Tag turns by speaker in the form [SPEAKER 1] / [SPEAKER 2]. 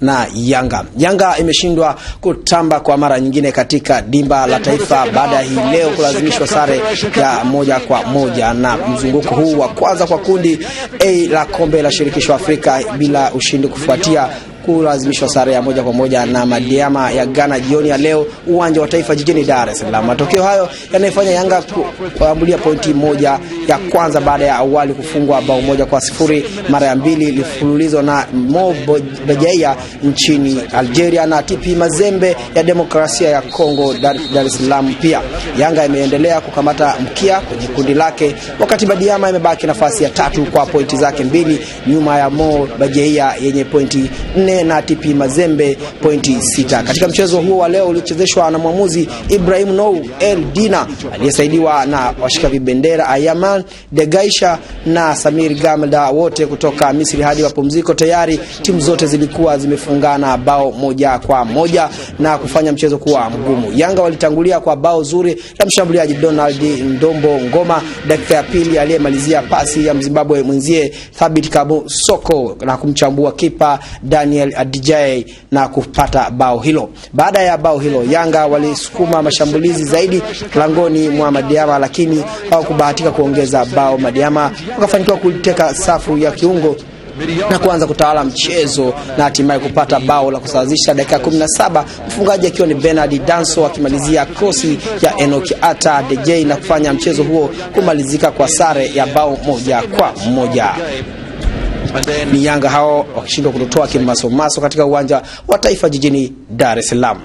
[SPEAKER 1] na Yanga. Yanga imeshindwa kutamba kwa mara nyingine katika dimba la taifa baada ya hii leo kulazimishwa sare ya moja kwa moja na mzunguko huu wa kwanza kwa kundi A la kombe la shirikisho Afrika bila ushindi kufuatia kulazimishwa sare ya moja kwa moja na Madiama ya Ghana jioni ya leo uwanja wa Taifa jijini Dar es Salaam. Matokeo hayo yanayofanya Yanga kuambulia pointi moja ya kwanza baada ya awali kufungwa bao moja kwa sifuri mara ya mbili lifululizo na Mo Bejaia nchini Algeria na TP Mazembe ya Demokrasia ya Kongo Dar es Salaam. Pia Yanga imeendelea kukamata mkia kwenye kundi lake, wakati Madiama imebaki nafasi ya tatu kwa pointi zake mbili nyuma ya Mo Bejaia yenye pointi nne na TP Mazembe pointi sita. Katika mchezo huo wa leo uliochezeshwa na mwamuzi Ibrahim Nou El Dina aliyesaidiwa na washika vibendera Ayaman Degaisha na Samir Gamda wote kutoka Misri hadi mapumziko, tayari timu zote zilikuwa zimefungana bao moja kwa moja na kufanya mchezo kuwa mgumu. Yanga walitangulia kwa bao zuri la mshambuliaji Donald Ndombo Ngoma dakika ya pili, aliyemalizia pasi ya Mzimbabwe mwenzie Thabit Soko na kumchambua kipa Daniel Daniel Adijei na kupata bao hilo. Baada ya bao hilo, Yanga walisukuma mashambulizi zaidi langoni mwa Madiama, lakini hawakubahatika kuongeza bao. Madiama wakafanikiwa kuteka safu ya kiungo na kuanza kutawala mchezo na hatimaye kupata bao la kusawazisha dakika 17, mfungaji akiwa ni Bernard Danso akimalizia krosi ya Enoki Ata Dejei na kufanya mchezo huo kumalizika kwa sare ya bao moja kwa moja ni Yanga hao wakishindwa kutotoa kimasomaso katika uwanja wa Taifa jijini Dar es Salaam.